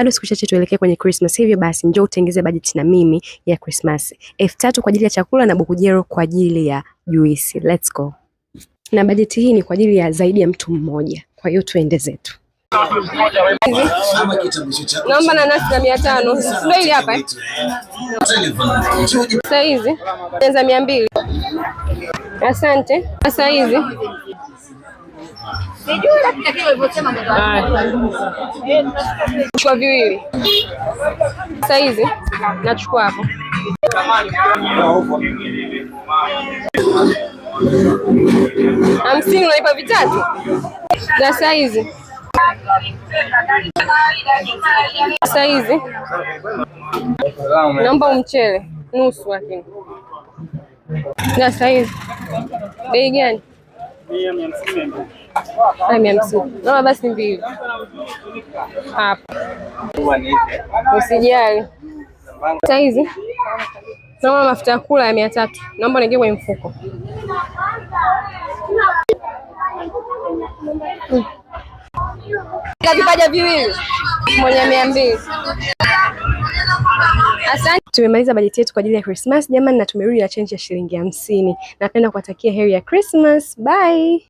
bado siku chache tuelekee kwenye Christmas, hivyo basi njoo utengeze bajeti na mimi ya Christmas, elfu tatu kwa ajili ya chakula na bukujero kwa ajili ya juisi. Let's go. Na bajeti hii ni kwa ajili ya zaidi ya mtu mmoja, kwa hiyo tuende zetu. Naomba nanasi za mia tano ndio hili hapa eh? saizi za mia mbili. Asante. Saizi Chukua viwili saizi, nachukua hapo. Hamsini unaipa vitatu za saizi saizi. Naomba umchele nusu, lakini za saizi. Bei gani? mia hamsini naona basi mbili hapa. Usijali saizi, naona mafuta ya kula ya mia tatu. Naomba niingie kwenye mfuko. Vipaja viwili mwenye mia mbili. Asante. Tumemaliza bajeti yetu kwa ajili ya Christmas jamani, na tumerudi na change ya shilingi hamsini. Napenda kuwatakia heri ya Christmas. Bye.